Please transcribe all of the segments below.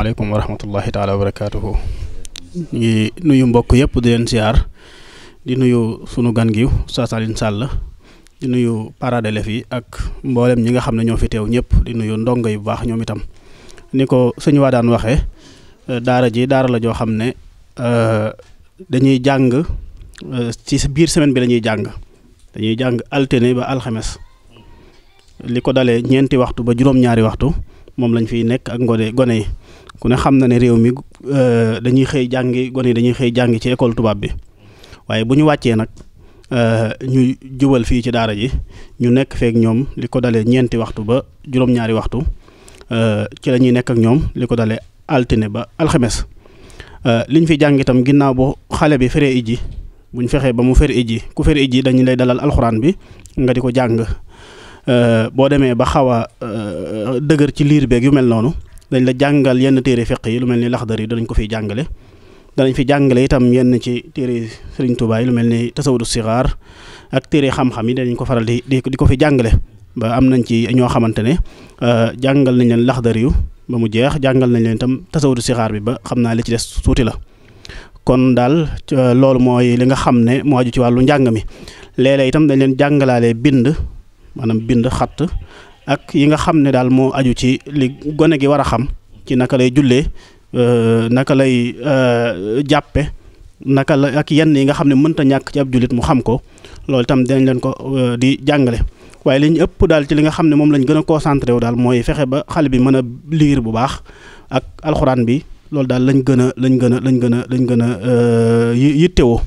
asalaamaaleykum wa rahmatullahi taala wa barakaatuhu ñu ngi nuyu mbokk yëpp di leen siyaar di nuyu sunu gan gi Oustaz Alioune Sall di nuyu parents yi ak mboolem ñi nga xam ne ñoo fi teew ñëpp di nuyu ndongo yu baax ñoom itam ni ko sëñ waa daan waxee euh, daara ji daara la joo xam ne euh, dañuy jàng euh, ci biir semaine bi dañuy jàng dañuy jàng alterné ba alxames li ko dalee ñeenti waxtu ba juróom-ñaari waxtu moom lañ fiy nekk ak ngone gone yi ku ne xam na ne réew mi euh, dañuy xëy jàngi gone yi dañuy xëy jàngi ci école tubaab bi waaye bu ñu wàccee nag euh, ñu jubal fii ci daara ji ñu nekk feek ñoom li ko dalee ñeenti waxtu ba juróom-ñaari waxtu euh, ci lañuy ñuy nekk ak ñoom li ko dale altine ba alxames liñ fi jàng itam ginnaaw bu xale bi fere iji buñ fexee ba mu fere iji ku fere iji dañu lay dalal alxuraan bi nga di ko jàng. Euh, boo demee ba xaw a euh, dëgër ci liir beek yu mel noonu dañ la jàngal yenn téere feq yi lu mel ni laxdar yi danañ ko fiy jàngale danañ fi jàngale itam yenn ci téere Sëriñ Tuubaa yi lu mel ni tasawudu sixaar téere xam-xam yi danañ ko faral di di ko fi jàngale ba am nañ ci ñoo xamante ne euh, jàngal nañ leen laxdar yu ba mu jeex jàngal nañ leen itam tasawudu sixaar bi ba xam naa li ci des suuti la kon daal loolu mooy li nga xam ne moo aju ci wàllu njàng mi léeg itam dañ leen jàngalaale bind maanaam bind xat ak yi nga xam ne daal moo aju ci li gone gi war a xam ci naka lay jullee euh, naka lay euh, jàppe naka la ak yenn yi nga xam ne mënta ñàkk ci ab jullit mu xam ko loolu itam dinañ leen ko euh, di jàngale waaye li ëpp daal ci li nga xam ne moom lañ gën a concentré wu daal mooy fexe ba xale bi mën a liir bu baax ak alxuraan bi loolu daal lañ gën a lañ gën a lañ gën a lañ gën a yittewoo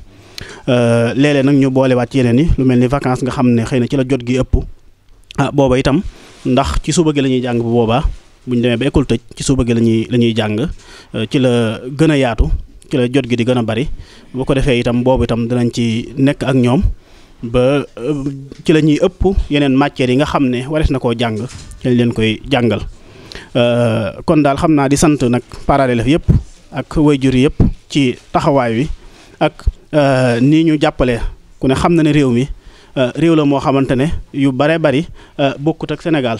léeg-léeg nag ñu boolewaat ci yeneen yi lu mel ni vacances nga xam ne xëy na ci la jot gi ëpp ah booba itam ndax ci suba gi la ñuy jàng bu boobaa bu ñu demee ba école tëj ci suba gi la ñuy la jàng euh, ci la gën a yaatu ci la jot gi di gën a bari bu ko defee itam boobu itam dinañ ci nekk ak ñoom ba euh, ci la ñuy ëpp yeneen matières yi nga xam ne warees na koo jàng ci leen koy jàngal euh, kon daal xam naa di sant nag parents d'élèves yëpp ak waajur yëpp ci taxawaay wi ak nii ñu jàppale ku ne xam ne réew mi. Euh, réew la moo xamante ne yu bare bari euh, bokkut ak Sénégal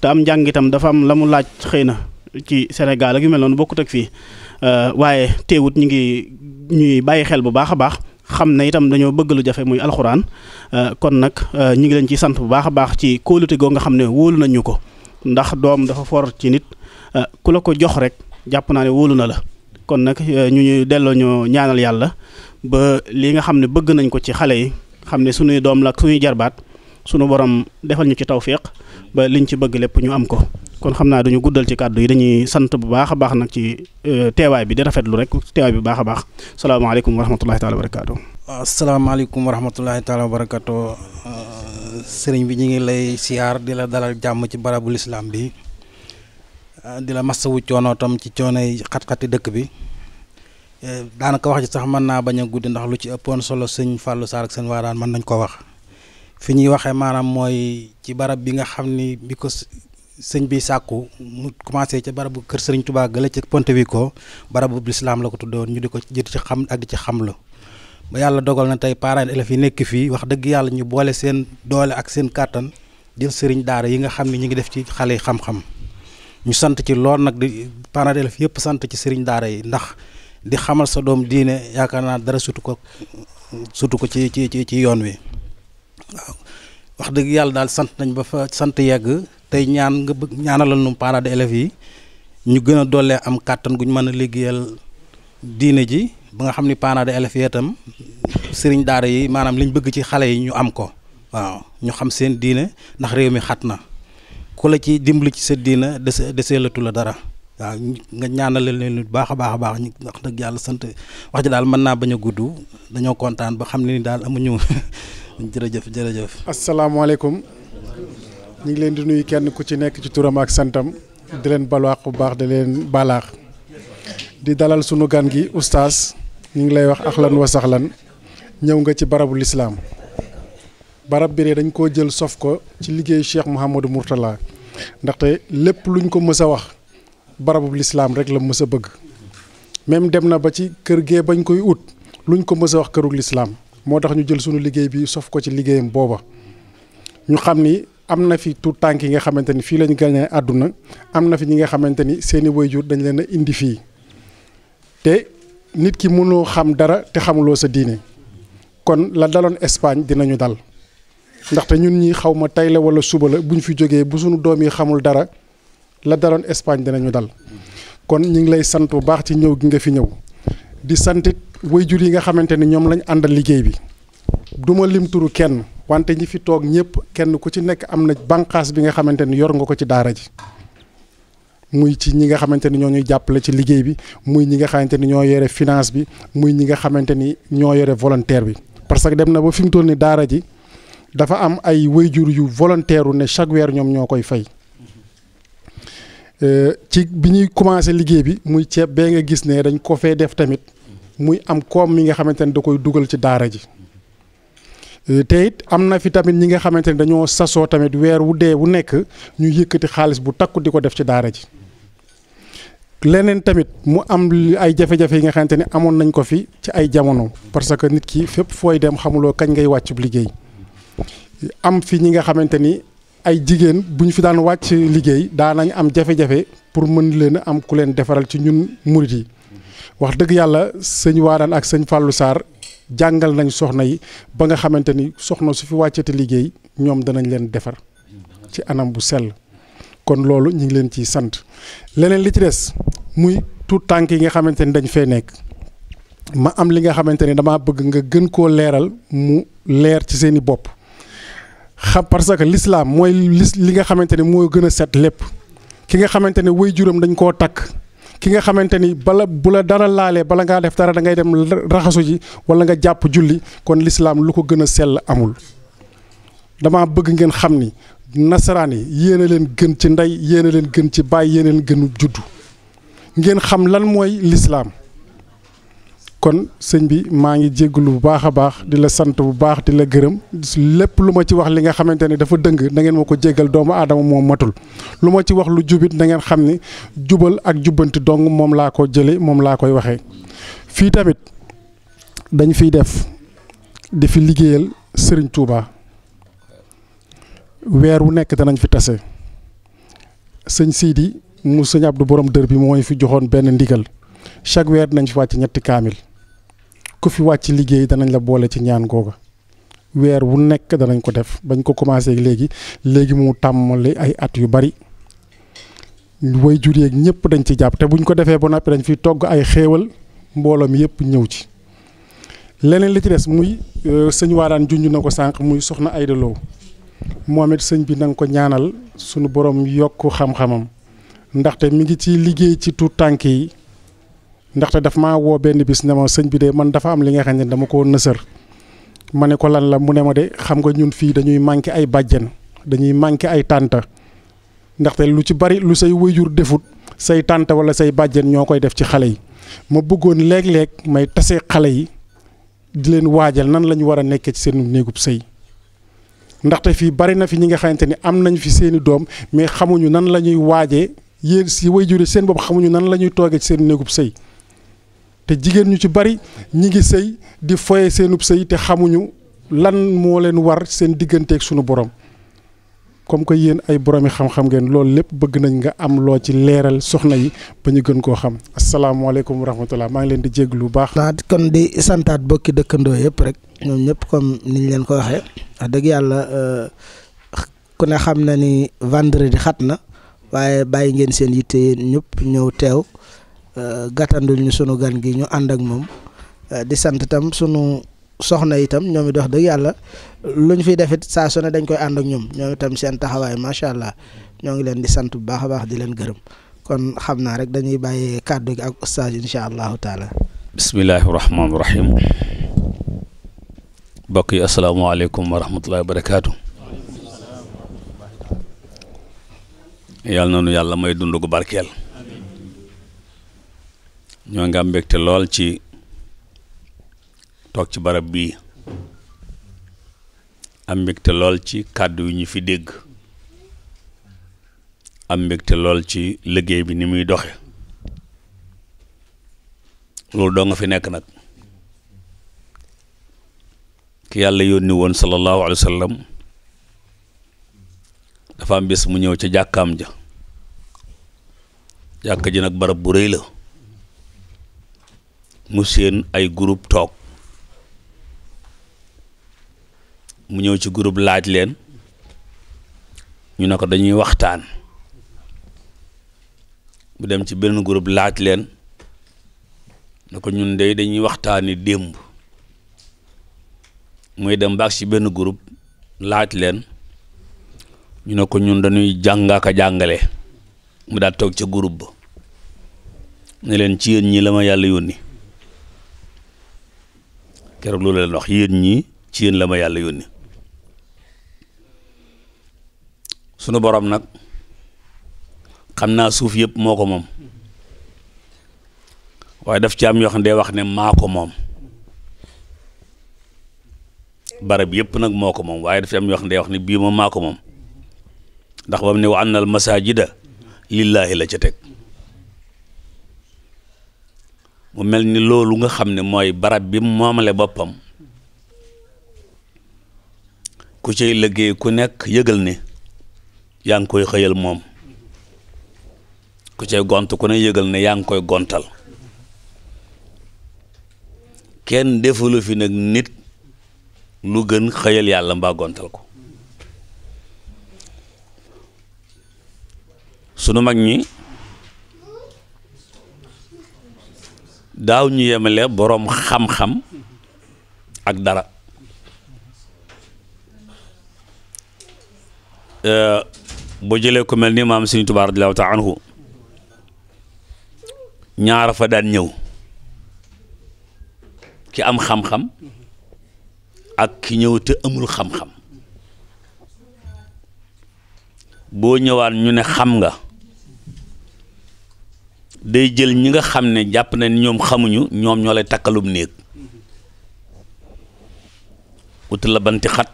te am njàng itam dafa am la mu laaj xëy na ci Sénégal ak yu mel noonu bokkut ak fii euh, waaye teewut ñu ngi ñuy bàyyi xel bu baax a baax. xam ne itam dañoo bëgg lu jafe muy alxuraan kon nag ñu ngi leen ciy sant bu baax a baax ci kóolute goo nga xam ne wóolu nañ ñu ko ndax doom dafa for ci nit ku la ko jox rek jàpp naa ne wóolu na la kon nag ñu ñu delloo ñoo ñaanal yàlla ba li nga xam ne bëgg nañ ko ci xale yi xam ne suñuy doom la ak suñuy jarbaat suñu borom defal ñu ci tawféex ba liñ ci bëgg lépp ñu am ko kon xam naa duñu guddal ci kàddu yi dañuy sant bu baax a baax nag ci euh, teewaay bi di rafetlu rek teewaay bi baax a baax salaamaaleykum wa rahmatullahi taala wa barakaatu. asalaamaaleykum wa euh, sëriñ bi ñu ngi lay siyaar di la dalal jàmm ci barabul islam bi euh, di la masawu coono tam ci coonoy xat-xati dëkk bi. Eh, daanaka wax ji sax mën naa bañ a guddi ndax lu ci ëppoon solo sëñ Fallou Sarr ak sëñ Waadaan mën nañ ko wax fi ñuy waxee maanaam mooy ci barab bi nga xam ni bi ko sëñ bi sàkku mu commencé ca barabu kër sëriñ Touba gële ca Pontevico barabu lislaam la ko tuddoon ñu di ko jët ci xam ak di ci xamlu ba yàlla dogal na tey parents élèves yi nekk fii wax dëgg yàlla ñu boole seen doole ak seen kàttan jël sëriñ daara yi nga xam ne ñu ngi def ci xale yi xam ñu sant ci lool nag di parents élèves yëpp sant ci sëriñ daara yi ndax di xamal sa doom diine yaakaar naa dara sutu ko sutu ko ci ci ci yoon wi waaw wax dëgg yàlla daal sant nañ ba fa sant yegg tey ñaan nga bëgg ñaanalal nu parents d'élèves yi ñu gën a dollee am kàttan gu ñu mën a liggéeyal diine ji ba nga xam ni parents d'élèves yi itam sëriñ daara yi maanaam liñ bëgg ci xale yi ñu am ko waaw ñu xam seen diine ndax réew mi xat na ku la ci dimbali ci sa diine dese deseelatu la dara waaw nga ñaanalal leen lu baax baax a baax ñu wax dëgg yàlla sant wax ji daal mën naa bañ a gudd dañoo kontaan ba xam ne ni daal amuñu jërëjëf jërëjëf. asalaamaaleykum ñu ngi leen di nuyu kenn ku ci nekk ci turam ak santam di leen balaax bu baax di leen balaax di dalal sunu gan gi oustaz ñu ngi lay wax axlan wa lan ñëw nga ci barabu lislaam barab bi dañ koo jël sof ko ci liggéeyu Cheikh Mouhamadou Mourtala ndaxte lépp luñ ko mës a wax. barabu lislaam rek la mës bëgg même dem na ba ci kër gee bañ koy ut luñ ko mës wax kërug lislaam moo tax ñu jël sunu liggéey bi sof ko ci liggéeyam booba ñu xam ni am na fi tout tànk yi nga xamante ni fii lañu gàñee àdduna am na fi ñi nga xamante ni seeni waajur dañ leen indi fii te nit ki mënoo xam dara te xamuloo sa diine kon la daloon Espagne dinañu dal ndaxte ñun ñi xawma ma tey wala suba la bu ñu fi jógee bu sunu doom yi xamul dara la daloon Espagne dinañu dal kon ñu ngi lay sant bu baax ci ñëw gi nga fi ñëw di santit wayjur yi nga xamante ni ñoom lañu àndal liggéey bi duma lim turu kenn wante ñi fi toog ñëpp kenn ku ci nekk am na banqaas bi nga xamante ni yor nga ko ci daara ji muy ci ñi nga xamante ni ñoo ñuy jàppale ci liggéey bi muy ñi nga xamante ni ñoo yore finance bi muy ñi nga xamante ni ñoo yore volontaire bi parce que dem na ba fi mu toll ni daara ji dafa am ay wayjur yu volontaire ne chaque weer ñoom ñoo koy fay ci bi ñuy commencé liggéey bi muy ceeb bee nga gis ne dañ ko fee def tamit muy am koom mi nga xamante ne da koy dugal ci daara ji euh, te it am na fi tamit ñi nga xamante ne dañoo sasoo tamit weer wu dee wu nekk ñu yëkkati xaalis bu takku di ko def ci daara ji leneen tamit mu am ay jafe-jafe yi nga xamante ne amoon nañ ko fi ci ay jamono parce que nit ki fépp fooy dem xamuloo kañ ngay wàccu liggéey am fi ñi nga xamante ni ay jigéen bu ñu fi daan wàcc liggéey daanañ am jafe-jafe pour mën leen a am ku leen defaral ci ñun murit yi wax dëgg yàlla sëñ Waadaan ak sëñ Fallou Sarr jàngal nañ soxna yi ba nga xamante ni soxna su fi wàccate liggéey ñoom danañ leen defar ci anam bu sell kon loolu ñu ngi leen ciy sant leneen li ci des muy tuut tànk yi nga xamante ni dañ fee nekk ma am li nga xamante ni damaa bëgg nga gën koo leeral mu leer ci seeni bopp xam parce que lislaam mooy li nga xamante ne moo gën a set lépp ki nga xamante ne way juróom dañu koo takk ki nga xamante ni bala bu la dara laalee bala ngaa def dara da ngay dem raxasu ji wala nga jàpp julli kon lislaam lu ko gën a sell amul dama bëgg ngeen xam ni nasaraan yi yéen a leen gën ci ndey yéen a leen gën ci bàyyi yéen a leen gën juddu ngeen xam lan mooy lislaam kon sëñ bi maa ngi jégalu bu baax a baax di la sant bu baax di la gërëm lépp lu ma ci wax li nga xamante ni dafa dëng nangeen ngeen ma ko jégal doomu aadama moom matul lu ma ci wax lu jubit na ngeen xam ni jubal ak jubbanti dong moom laa ko jëlee moom laa koy waxee. fii tamit dañ fiy def di fi liggéeyal sëriñ Touba weer wu nekk danañ fi tase sëñ Sidi mu sëñ Abdou borom dër bi mooy fi joxoon benn ndigal. chaque weer nañ fi wàcc ñetti kaamil ku fi wàcc liggéey danañ la boole ci ñaan googa weer wu nekk danañ ko def bañ ko commencé léegi léegi mu tàmmali ay at yu bari way jur yeeg ñëpp dañ ci jàpp te buñ ko defee ba noppi dañ fi togg ay xéewal mbooloo mi yëpp ñëw ci leneen li ci des muy euh, sëñ Waadaan junj na ko sànq muy soxna Aïda moom it sëñ bi na ko ñaanal sunu borom yokk xam-xamam ndaxte mu ngi ci liggéey ci tuut tànk yi ndaxte dafa ma woo benn bis ne ma sëñ bi de man dafa am li nga xam ne dama ko nësër ma ne ko lan la mu ne ma de xam nga ñun fii dañuy manqué ay bàjjen dañuy manqué ay tànta ndaxte lu ci bari lu say wëyjur defut say tànta wala say bàjjen ñoo koy def ci xale yi ma bëggoon léeg-léeg may tase xale yi di leen waajal nan la ñu war a nekkee ci seen néegub sëy ndaxte fii bari na fi ñi nga xamante ni am nañ fi seeni doom mais xamuñu nan la ñuy waajee yéen si wëyjur yi seen bopp xamuñu nan la ñuy toogee seen néegub sëy te jigéen ñu ci bari ñi ngi sëy di foye seenub sëy te xamuñu lan moo leen war seen digganteeg sunu borom comme que yéen ay boromi xam-xam ngeen loolu lépp bëgg nañ nga am loo ci leeral soxna yi ba ñu gën koo xam asalaamaaleykum wa rahmatulah maa ngi leen di jégg lu baax. kon di santaat bokki dëkkandoo yëpp rek ñoom ñëpp comme niñ leen ko waxee wax dëgg yàlla euh, ku ne xam na ni vendredi xat na waaye bàyyi ngeen seen yitte yéen ñëpp ñëw teew. Euh, gàttandul ñu sunu gan gi ñu ànd ak moom euh, di sant tam sunu soxna itam ñoom it wax dëgg yàlla lu ñu def defit saa su dañ koy ànd ak ñoom ñoom itam seen taxawaay macha allah ñoo ngi leen di sant bu baax a baax di leen gërëm kon xam naa rek dañuy bàyyee kàddu gi ak oustaz incha allahu taala. bismillahi rahmaani rahim mbokk yi asalaamaaleykum wa rahmatullahi wa barakaatu. yàlla na yàlla may dund gu barkeel. ñoo ngi am mbégte lool ci toog ci barab bii am mbégte lool ci kàddu yu ñu fi dégg am mbégte lool ci liggéey bi ni muy doxe loolu doo nga fi nekk nag ki yàlla yónni woon sallallahu alayhi wa dafa am bés mu ñëw ca jàkkam ja jàkka ji nag barab bu rëy la mu séen ay groupe toog mu ñëw ci groupe laaj leen ñu ne ko dañuy waxtaan mu dem ci benn group laaj leen ne ko ñun de dañuy waxtaani démb mooy dem baag ci benn groupe laaj leen ñu ne ko ñun dañuy jàngaaka jàngale mu daal toog ca groupe ba ne leen ci yéen ñi la ma yàlla yónni keroog loolu leen wax yéen ñii ci yéen la ma yàlla yónni sunu boroom nag xam naa suuf yëpp moo ko moom waaye daf ca am yoo xam ne day wax ne maa ko moom barab yëpp nag moo ko moom waaye daf ci am yoo xam ne day wax ne bii moom maa ko moom ndax ba mu ne wa annal masaajida lillaahi la ca teg mu mel ni loolu nga xam ne mooy barab bi moomale boppam ku ciy liggéey ku nekk yëgal ne yaa ngi koy xëyal moom ku cay gont ku ne yëgal ne yaa ngi koy gontal kenn defalu fi nag nit lu gën xëyal yàlla mbaa gontal ko sunu mag ñi daaw ñu yemale boroom xam-xam ak dara euh, boo jëlee ku mel ni maam Sëriñ Tuubaa radiyallaahu taala anhu ñaara fa daan ñëw ki am xam-xam ak ki ñëw te amul xam-xam boo ñëwaan ñu ne xam nga day jël ñi nga xam ne jàpp na ñoom xamuñu ñoom ñoo lay takkalum néeg ut la banti xat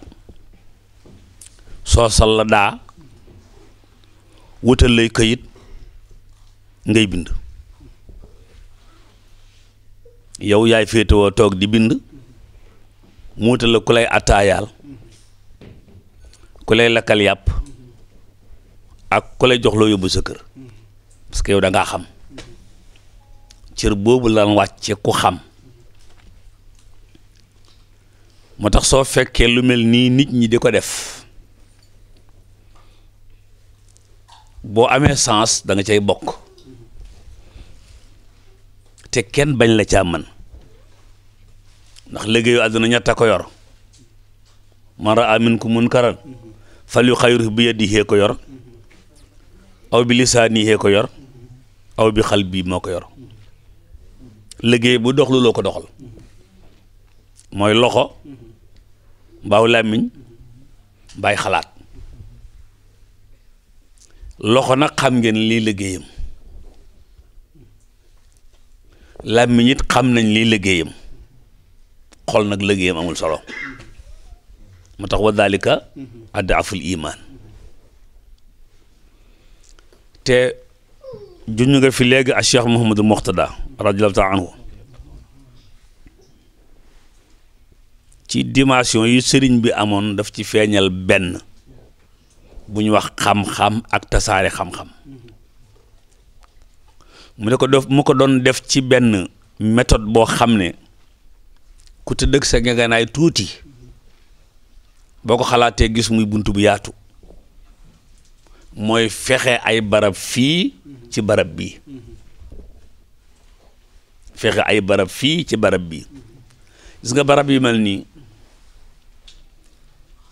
soosal la daa wutal lay këyit ngay bind yow yaay féetewoo toog di bind mu wutal la ku lay attaayaal ku lay lakkal yàpp ak ku lay jox loo yóbbu sa kër parce yow da xam cër boobu lan wàcce ku xam moo tax soo fekkee lu mel nii nit ñi di ko def boo amee sens danga cay bokk te kenn bañ la caa mën ndax liggéeyu àdduna ñett a ko yor man raa minkum munkaran fal yughayyirhu bi yadihi ko yor aw bi lisaanihi ko yor aw bi qalbihi moo ko yor liggéey bu dox loo ko doxal mooy loxo mbaaw làmmiñ bàyyi xalaat loxo nag xam ngeen lii liggéeyam làmmiñ it xam nañ lii liggéeyam xol nag liggéeyam amul solo moo tax wa dalika mhm. addaaful imaan te juñu nga fi léegi a ak Cheikh Mouhamadul Moxtada radiyallahu taala anhu ci dimension yi sëriñ bi amoon daf ci feeñal benn bu ñu wax xam-xam ak tasaare xam-xam mu ne ko def mu ko doon def ci benn méthode boo xam ne ku te dëkk sa ngeganaay tuuti boo ko xalaatee gis muy bunt bu yaatu mooy fexe ay barab fii ci barab bi fexe ay barab fii ci barab bi gis nga barab yu mel nii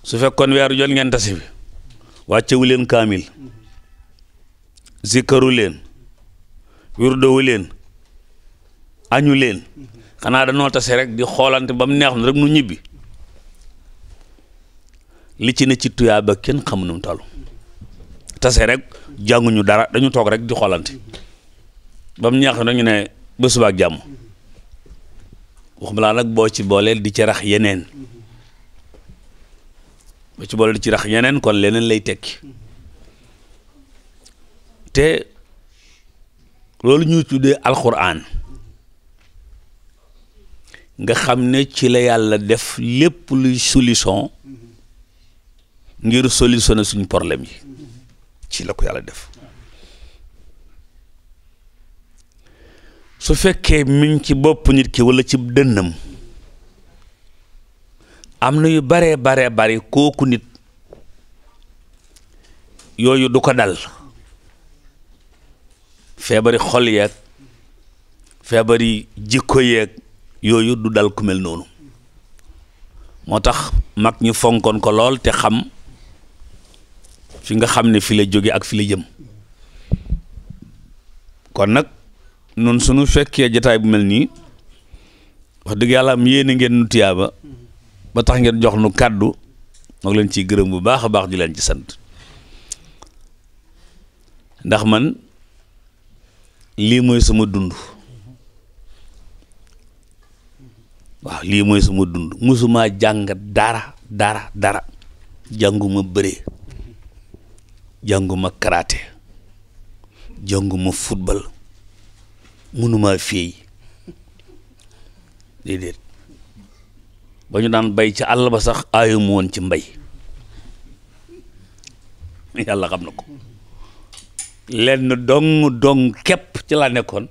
su fekkoon weeru jot ngeen tase fi wàccewu leen kaamil zikkaru leen wirdowu leen añu leen xanaa danoo tase rek di xoolante ba mu neex na rek nu ñibbi li ne ci tuyaa ba kenn xamu nu mu toll tase rek jànguñu dara dañu toog rek di xoolante ba mu ñaax dañu ne ba suba ak jàmm waxuma laa nag boo ci booleel di ci rax yeneen boo ci booleel di ci rax yeneen kon leneen lay tekki te loolu ñuy tuddee alxuraan nga xam ne ci la yàlla def lépp luy solution ngir solutionner suñu problème yi ci la yàlla def su fekkee miñ ci bopp nit ki walla ci dënnam am na yu baree baree bari kooku nit yooyu du ko dal feebari xol yeeg feebari jikko yeeg yooyu du dal ku mel noonu moo tax mag ñu fonkoon ko lool te xam fi nga xam ne fi la jóge ak fi la jëm kon nag nun suñu fekkee jataay bu mel nii wax dëgg yàlla am yéene ngeen nu tiyaaba ba tax ngeen jox nu kàddu moo leen ciy gërëm bu baax a baax di leen ci sant ndax man lii mooy sama dund waaw lii mooy suma dund musuma jàng dara dara dara jànguma bëree jànguma karaté jànguma football mënuma fii ba ñu daan bay ca àll ba sax aayum woon ci mbay yàlla xam na ko lenn dong dong képp ci laa nekkoon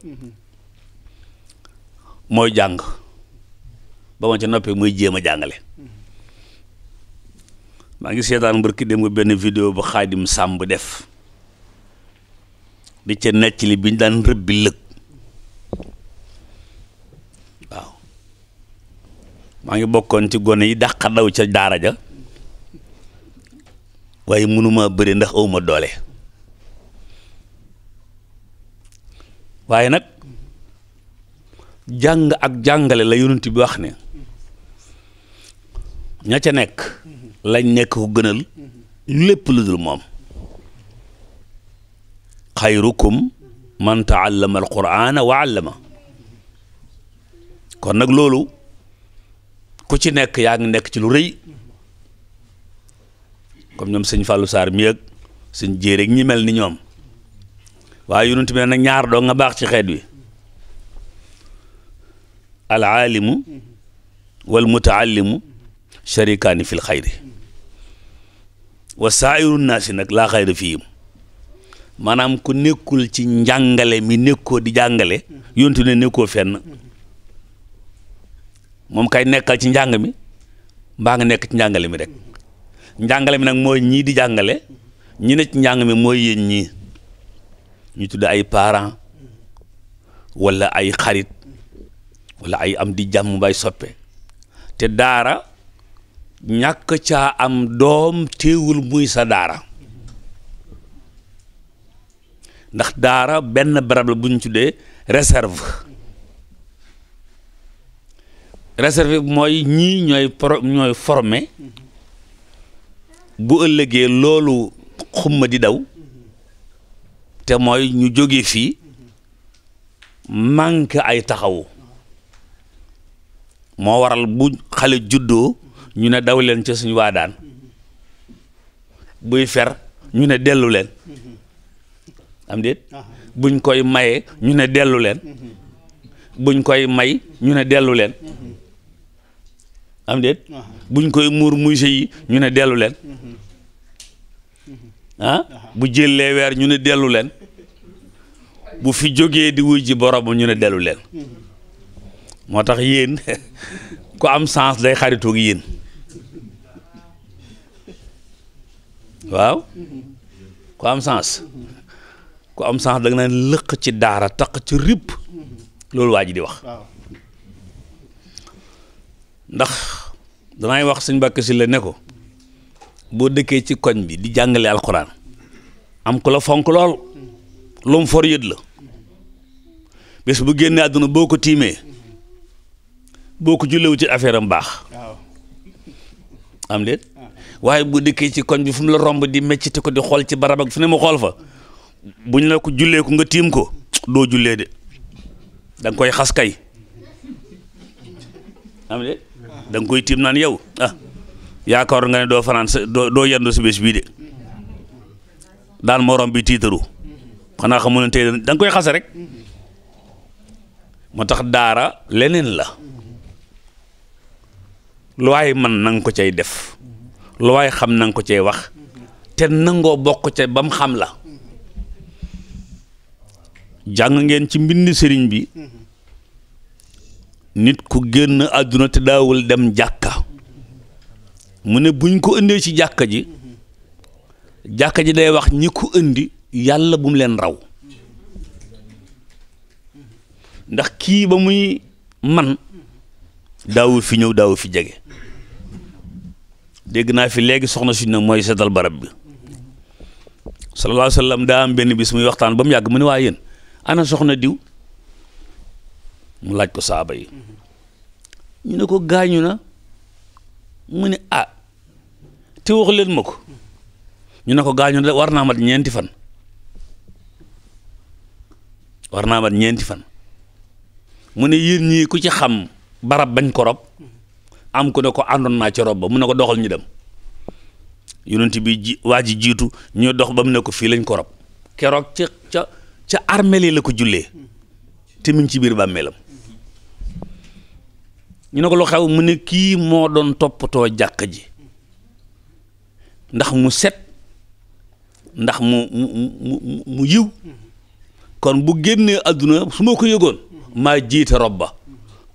mooy jàng ba ma ca noppee muy jéem a jàngale maa ngi seetaan mbërki dem benn video bu xaadim sàmb def di ca necc li bi ñu daan rëbbi lëg waaw maa ngi bokkoon ci gone yi dàq daw ca daara ja waaye mënuma bëri ndax awma doole waaye nag jàng ak jàngale la yonent bi wax ne ña ca nekk lañ nekk ko gënal lépp lu moom xayrukum man taallama alqurana wa allama kon nag loolu ku ci nekk yaa ngi nekk ci lu rëy comme ñoom sëñ Fallou Sarr mi ak sëñ jéeréeg ñi mel ni ñoom waaye yonent bi nag ñaar doo nga baax ci xeet wi al aalimu wal mutaallimu sharikaani fil xayri wa saayiru si nag laa xayra fiihim maanaam ku nekkul ci njàngale mi nekkoo di jàngale yontu ne nekkoo fenn moom kay nekkal ci njàng mi mbaa nga nekk ci njàngale mi rek njàngale mi nag mooy ñii di jàngale ñi ne ci njàng mi mooy yéen ñii ñu tudd ay parent walla ay xarit walla ay am di jàmm bay soppe te daara ñàkk caa am doom téewul muy sa daara ndax daara benn barab la bu ñu tuddee réserve réserve mooy ñii ñooy pro ñooy formé bu ëllëgee loolu xuma di daw te mooy ñu jóge fii manque ay taxawu moo waral bu xale juddoo ñu ne daw leen ca suñu daan buy fer ñu ne dellu leen am déet buñ koy maye ñu ne dellu leen buñ koy may ñu ne dellu leen am déet buñ koy muur muse yi ñu ne dellu leen ah? bu jëlee weer ñu ne dellu leen bu fi jógee di wuy ji borom ñu ne dellu leen moo tax yéen ku am sens day xaritoog yéen waaw ku am sens ku am sens da nga naan ci daara taq ci ripp loolu waa ji di wax ndax danaay wax sëñ Mbàkke Sylla ne ko boo dëkkee ci koñ bi di jàngale alxuraan am ku la fonk lool lu mu yët la bés bu génnee àdduna boo ko tiimee boo ko jullewu ci affaire am baax am déet waaye bu dëkkee ci koñ bi fu mu la romb di mecciti ko di xool ci barab fu ne mu xool fa buñ la ko jullee ko nga tiim ko doo jullee de da koy xas kay am de koy tiim naan yow ah, yaakaar nga ne doo fanaan doo doo yendu bii de morom bi tiitaru xanaa xamu ne tey da koy xase rek moo tax daara leneen la lu waaye man nanga ko cay def lu waaye xam na ko cee wax te nangoo bokk ca bam xam la jàng ngeen ci mbind sëriñ bi nit ku génn àdduna te daawul dem jàkka mu ne buñ ko indee ci jàkka ji jàkka ji day wax ñi ko indi yàlla bu mu leen raw ndax kii ba muy man daawu fi ñëw daawu fi jege dégg naa fi léegi soxna si ne mooy seetal barab bi sallallahu alayhi wa sallam daa am benn bis muy waxtaan ba mu yàgg mu ne waa yéen ana soxna diw mu laaj ko saaba yi ñu ne ko gaañu na mu ne ah te wax leen ma ko ñu ne ko gaañu na war naa mat ñeenti fan war naa mat ñeenti fan mu ne yéen ñii ku ci xam barab bañ ko am ku ne ko àndoon naa ca rob ba mu ne ko doxal ñu dem yonent bii ji waa ji jiitu ñu dox ba mu ne ko fii lañ ko rob keroog ca ca ca armeel yi la ko jullee te mu ci biir bàmmeelam ñu ne ko lu xew mu ne kii moo doon toppatoo jàkk ji ndax mu set ndax mu mu mu mu yiw kon bu génnee àdduna su ma ko yëgoon maa jiite rob ba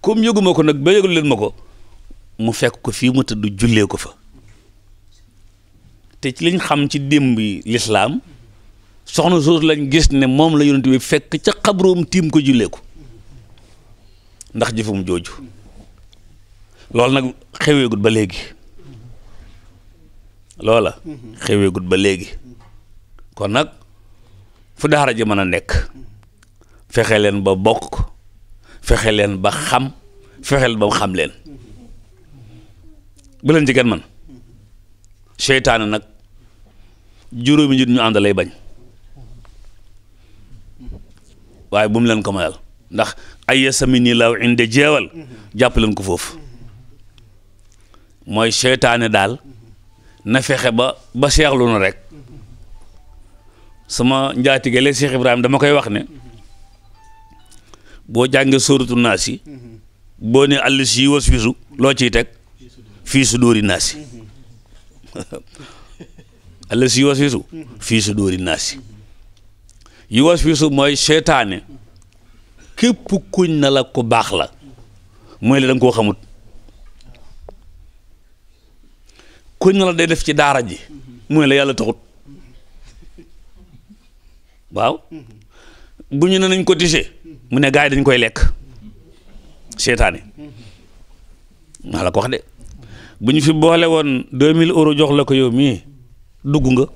comme yëguma ko nag ba yëgul leen ma ko mu fekk ko fii mu tëdd jullee ko fa te ci liñ xam ci démb yi lislaam soxna soosu lañ gis ne moom la yonent bi fekk ca xabroom tiim ko jullee ko ndax jëfum jooju loolu nag xeweegut ba léegi loola xeweegut ba léegi kon nag fu daara ji mën a nekk fexe leen ba bokk fexe leen ba xam fexeel ba xam leen bu leen ci kenn man seytaane nag juróomi nit ñu ànd lay bañ waaye bu mu leen ko mayal ndax ay yasami nii law inde jeewal jàpp leen ko foofu mooy seytaane daal na fexe ba ba seexlu na rek sama njaatige lee Cheikh Ibrahima dama koy wax ne boo jàngee sóoratu naas yi boo ne àll si waswisu loo ciy teg fii suduuri naasi allasi yuwaswisu fii suduuri mooy seytaane képp kuñ na la ko baax la mooy la da nga koo xamut kuñ na la day def ci daara ji mooy la yàlla taxut waaw bu ñu ne nañ ko tisee mu ne gars dañ koy lekk seytaane maa la ko wax de bu ñu fi boole woon mille euros jox la ko yow mii dugg nga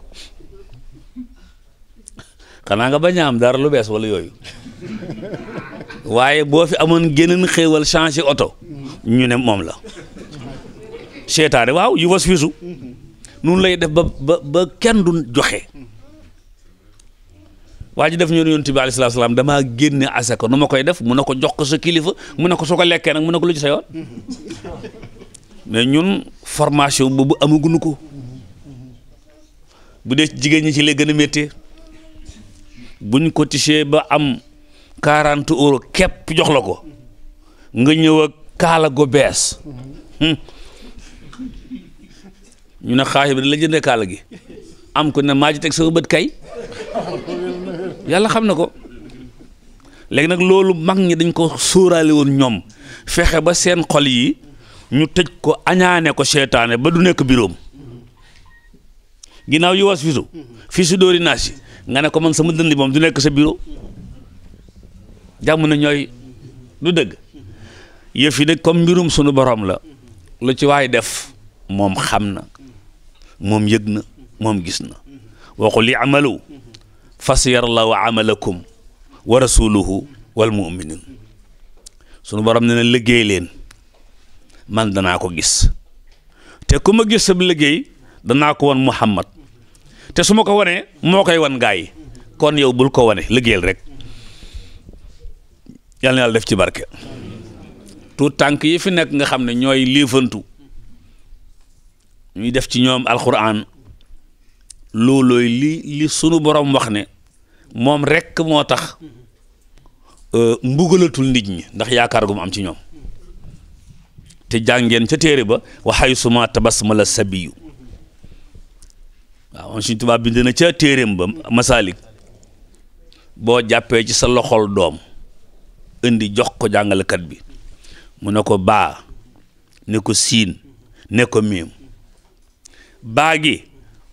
xanaa nga ba a am dara lu bees wala yooyu waaye boo fi amoon geneen xéewal changé oto ñu ne moom la seetaane waaw yu was fisu nun lay def ba ba ba kenn du joxe waa def ñu ne yonent bi alayhi salaam damaa génne asaka nu ma koy def mun ne ko jox ko sa kilifa mu ne ko su ko lekkee nag mu ne ko lu ci sa yoon mais ñun formation boobu amaguñu ko bu dee jigéen ñi ci lay gën a métti buñ ko cotisé ba am quarante euro képp jox la ko nga ñëw ak kaala go bees hmm. ñu ne xaalis bi da la jëndee kaala gi am ko ne maa teg sa bët kay yàlla xam na ko léegi nag loolu mag ñi dañ ko sóoraale woon ñoom fexe ba seen xol yi. ñu tëj ko añaane ko seetaane ba du nekk biroom ginnaaw yu was fisu fisu dóori naas nga ne ko man sama dënd moom du nekk sa bureau jàmm na ñooy du dëgg yëf yi nag comme mbirum sunu borom la lu ci waay def moom xam na moom yëg na moom gis na waxul li amalu fas yarallahu amalakum wa rasuluhu wal muminin sunu borom ne na liggéey leen man danaa ko gis te ku ma gis sab liggéey danaa ko wan Muhammad te su ma ko wanee moo koy wan gaa yi kon yow bul ko wane liggéeyal rek yal na yàlla def ci barke tuut tànk yi fi nekk nga xam ne ñooy liifantu ñuy def ci ñoom alxuraan loolooy li li sunu borom wax ne moom rekk moo tax euh, mbugalatul nit ñi ndax yaakaar gu mu am ci ñoom te jàngeen ca téere ba waxay suma tabasmala sabiyu waaw Sëriñ Tuubaa bind na ca téereem ba masaalig boo jàppee ci sa loxol doom indi jox ko jàngalekat bi mu ne ko baa ne ko siin ne ko miim baa gi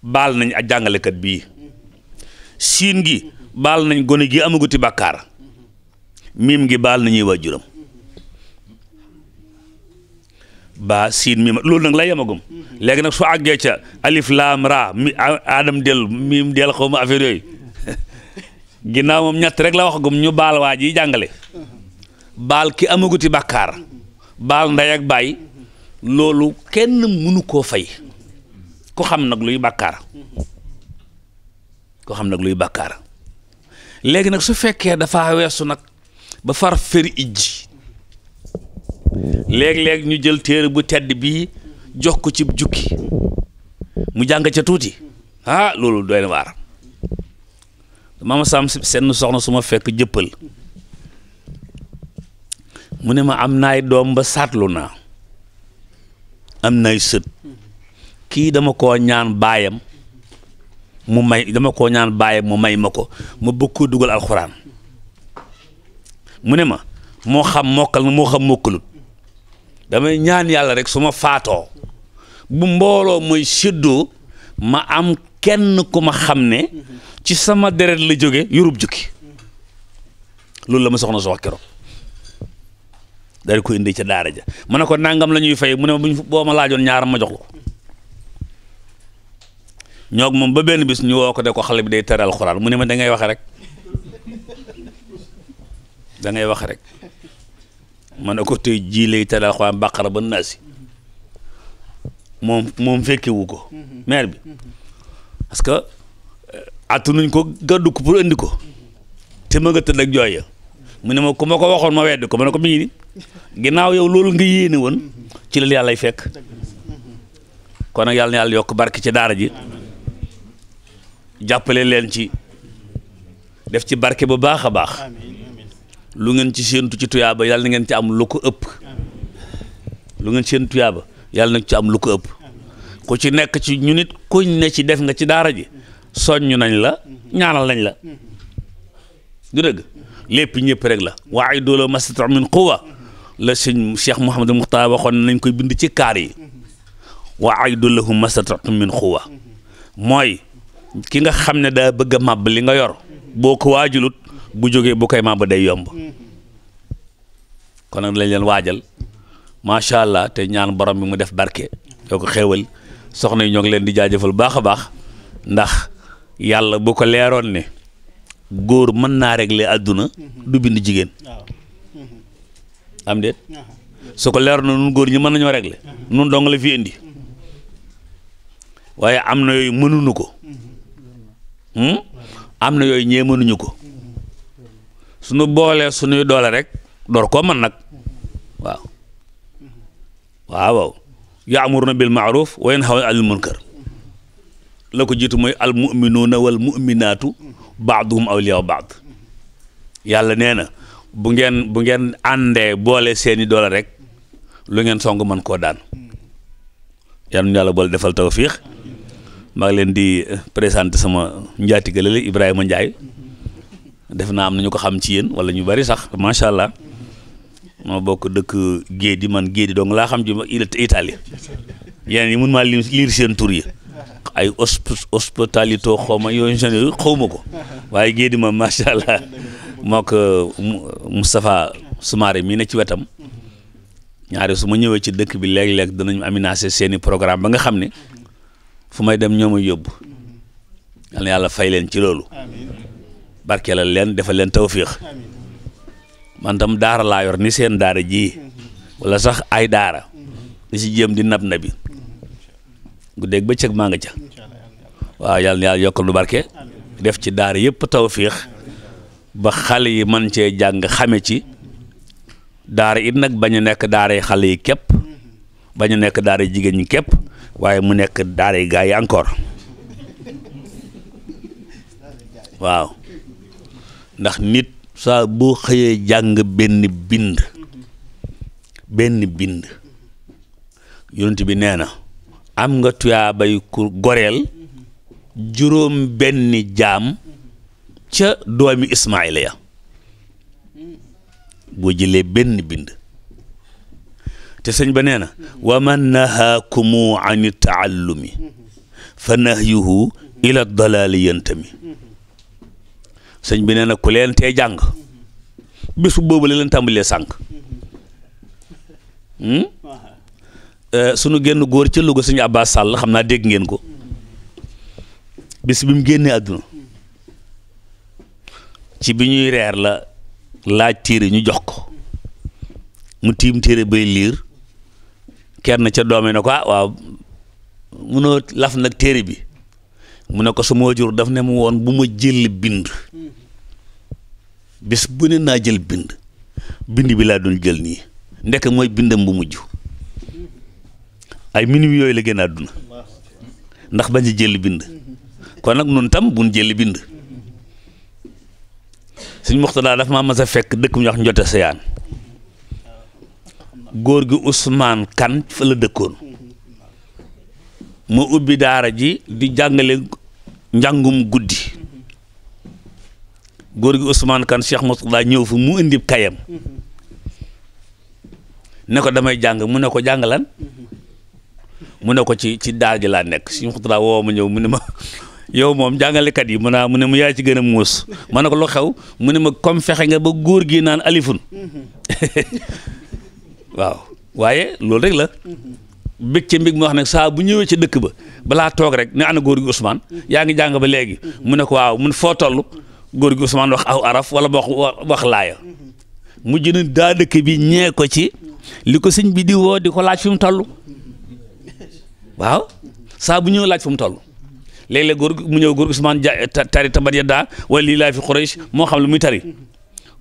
baal nañ ak jàngalekat bii siin gi baal nañ gone gi amaguti bàkkaar miim gi baal nañuy waajuram ba siin mi loolu nag la yemagum léegi nag su àggee ca alif laam ra mi adam del miim del xaw ma affaire yooyu ginnaaw moom ñett rek la waxagum ñu baal waa ji jàngale baal ki amaguti bàkkaar baal ndey ak loolu kenn mënu koo fay ko xam nag luy bàkkaar ku nag luy bàkkaar léegi su fekkee dafa weesu nag ba far fëri ijji léeg-léeg ñu jël téere bu tedd bi jox ko ci jukki mu jàng ca tuuti ah loolu doy na waar maama sam senn soxna suma fekk jëppal mu ne ma am naay doom ba saatlu naa am naay sët kii dama koo ñaan baayam mu may dama koo ñaan baayam mu may ma ko ma bëgg koo dugal alxuraan mu ne ma moo xam mokkal na moo xam mokkalut damay ñaan yàlla rek su ma faatoo bu mbooloo mooy séddoo ma am kenn ku ma xam ne ci sama deret la jóge yurub jukki loolu la ma soxna su wax keroog daal ko indi ca daara ja ma ne ko nangam la ñuy fay mu ne ma buñ boo ma laajoon ñaaram ma jox ko ñoog moom ba benn bis ñu woo ko de ko xale bi day tere alxuraan mu ne ma da ngay wax rek da wax rek ma ne ko tey jii lay talaaxuwaan bàqara ba naasi moom moom fekkewu ko maire bi parce que euh, attanuñ ko gàddu ko pour indi ko te ma nga tëdd ak jooy ya mu ne ma ku ma ko waxoon ma wedd ko ma ne ko mi ngi ginnaaw yow loolu nga yéene woon ci la yàlla lay fekk kon nag yàlla na yàlla yokk barke ci daara ji jàppale leen ci def ci barke bu baax a baax lu ngeen ci séentu ci tuyaaba yàlla na ngeen ci am lu ko ëpp ngeen séentu yàlla na ci am lu ko ëpp ku ci nekk ci ñu nit kuñ ne ci def nga ci daara ji soññu nañ la ñaanal nañ la du dëgg lépp ñëpp rek la waaye dooloo mastata min quwa la sëñ Cheikh Mouhamadou Muxtaar waxoon nañ koy bind ci kaar yi waa waaye dooloo mastata min quwa mooy ki nga xam ne daa bëgg màbb li nga yor boo ko waajulut bu jógee bu kay ma ba day yomb kon nag lañ leen waajal macha allah te ñaan borom bi mu def barke yoo ko xéewal soxna yi ñoo ngi leen di jaajëfal baax a baax ndax yàlla bu ko leeroon ne góor mën naa régler àdduna du bind jigéen am déet su ko nun góor ñi mën nañoo régler nun dong la fi indi waaye am na yooyu mënuñu ko hmm? am na yooyu ñee mënuñu ko suñu boolee suñuy doole rek door koo man nag waaw waaw yaamuruna bil maaruf wa yanhawna anil munkar la ko jiitu mooy al muminuuna wal muminaatu baaduhum awliyaa baad yàlla nee na bu ngeen bu ngeen àndee boole seeni doole rek lu ngeen song mën koo daan yal na yàlla boole defal tawfiix maa ngi leen di eh, présenté sama njaatigale Ibrahima Ndiaye def naa am na ñu ko xam ci yéen wala ñu bari sax macha allah moo bokk dëkk Géedi man doo donc laa xam ji Italie yeneen yi mun maa liir seen tur yi ay hospitalito xaw ma yooyu seen xaw ma ko waaye Géedi ma macha allah moo ko euh, Moustapha mii ne ci wetam ñaari su ma ñëwee ci dëkk bi léeg-léeg danañ aménager seen i programme ba nga xam ne fu may dem ñoo may yóbbu yàlla fay leen ci loolu la leen defal leen tawfiix man tam daara laa yor ni seen daara ji walla sax ay daara ni ci jéem di nab nabi ba bëccëg maa nga ca waaw yàlla na yàlla lu barke def ci daara yëpp tawfiix ba xale yi mën cee jàng xame ci daara it nag bañu nekk daaray xale yi képp bañ nekk daara jigéen ñi képp waaye mu nekk daaray gaa yi encore waaw ndax nit saa boo xëyee jàng benn bind benn bind yonent bi nee na am nga tuyaabay ku goreel juróom benn jaam ca doomi Ismaayila ya boo jëlee benn bind te sëñ ba nee na wa man nahaakumu an taallumi fa nahyuhu ila dalaali yantami sëñ bi nee na ku leen tee jàng bésu boobu la leen tàmbalee sànq hmm? euh, sunu génn góor ca Louga sëñ Abbas Sall xam naa dégg ngeen ko bis bi mu génnee àdduna ci bi ñuy reer la laaj téere ñu jox ko mu tiim téere bay liir kenn ca doome ne ko ah waaw munoo laf nag téere bi mu ne ko sama jur daf ne mu woon bu ma jël bind bis bu ne naa jël bind bind bi laa doon jël nii ndekk mooy bindam bu mujj ay minutes yooyu la gën a àdduna ndax bañ a jël bind kon nag nun tam buñ jël bind suñ daal dafa ma mas a fekk dëkk mu ñu wax njote góor gi Ousmane Kan fa la dëkkoon mu ubbi daara ji di jàngale njàngum guddi góor gi kan Kane Cheikh Moustapha ñëw fu mu indi kayam ne ko damay jàng mu ne ko jàng lan mu ne ko ci ci daal ji laa nekk Cheikh Moustapha woo ma ñëw mu ne ma yow moom jàngalekat yi mu naa ah, mu ne mu yaay ci gën a muus ma ne ko lu xew mu ne ma comme fexe nga ba góor gi naan alifun waaye loolu rek la mbég ca mbég moo xam ne saa bu ñëwee ci dëkk ba balaa toog rek ne ana góor gi Ousmane yaa ngi jàng ba léegi mu ne ko waaw mun foo toll góor gi Ousmane wax aw araf wala wax wax laaya mujj na daa dëkk bi ñee ko ci li ko sëñ bi di woo di ko laaj fi mu toll waaw saabu ñëw laaj fi mu toll léeg-léeg góor mu ñëw góor gi Ousmane ja tari tabat ya daa lii laa fi Quraysh moo xam lu muy tari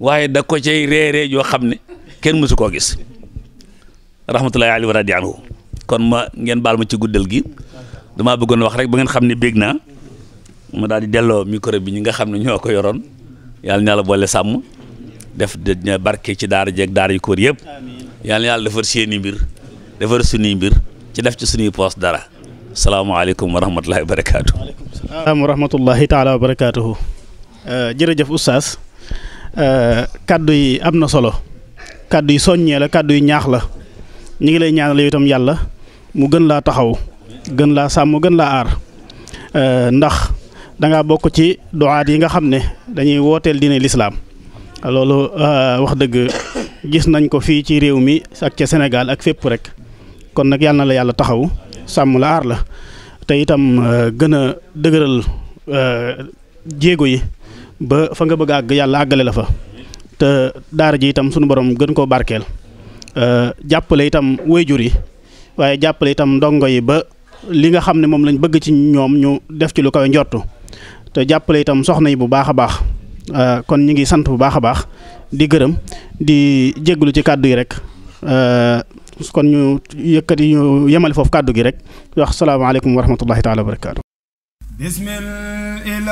waaye da ko cay reeree joo xam ne kenn mësu koo gis rahmatullahi alayhi wa radiya anhu kon ma ngeen baal ma ci guddal gi damaa bëggoon wax rek ba ngeen xam ne bég naa mu daal di delloo micro bi ñu nga xam ne ñoo ko yoroon yàlla na yàlla boole sàmm def de barke ci daara jeeg daara yu ko wër yëpp yàlla na yàlla defar seeni mbir defar suñuy mbir ci def ci suñuy poos dara salaamaaleykum wa rahmatulahi wa barakaatu. wa rahmatulahi taala wa barakaatuhu. Euh, jërëjëf oustaz euh, kàddu yi am na solo kàddu yi soññee la kàddu yi ñaax la ñu ngi lay ñaanal yow itam yàlla mu gën laa taxaw gën laa sàmm gën laa aar euh, ndax. danga bokk ci duwaat yi nga xam ne dañuy wooteel diine lislaam loolu uh, wax dëgg gis nañ ko fii ci réew mi ak ca Sénégal ak fépp rek kon nag yàlla na la yàlla taxaw sàmm la aar la te itam uh, gën a dëgëral uh, jéego yi ba fa nga bëgg àgg yàlla àggale la fa te daara ji itam sunu borom gën koo barkeel jàppale itam wéyjur yi waaye jàppale itam ndongo yi ba li nga xam ne moom lañ bëgg ci ñoom ñu def ci lu kawe njortu te jàppale itam soxna yi bu baax a baax euh, kon ñu ngi sant bu baax a baax di gërëm di jégalu ci kàddu yi rek euh, kon ñu yëkkati ñu yemale foofu kàddu gi rek wax salaamaaleykum wa rahmatullahi taala wa barakaatu. bismil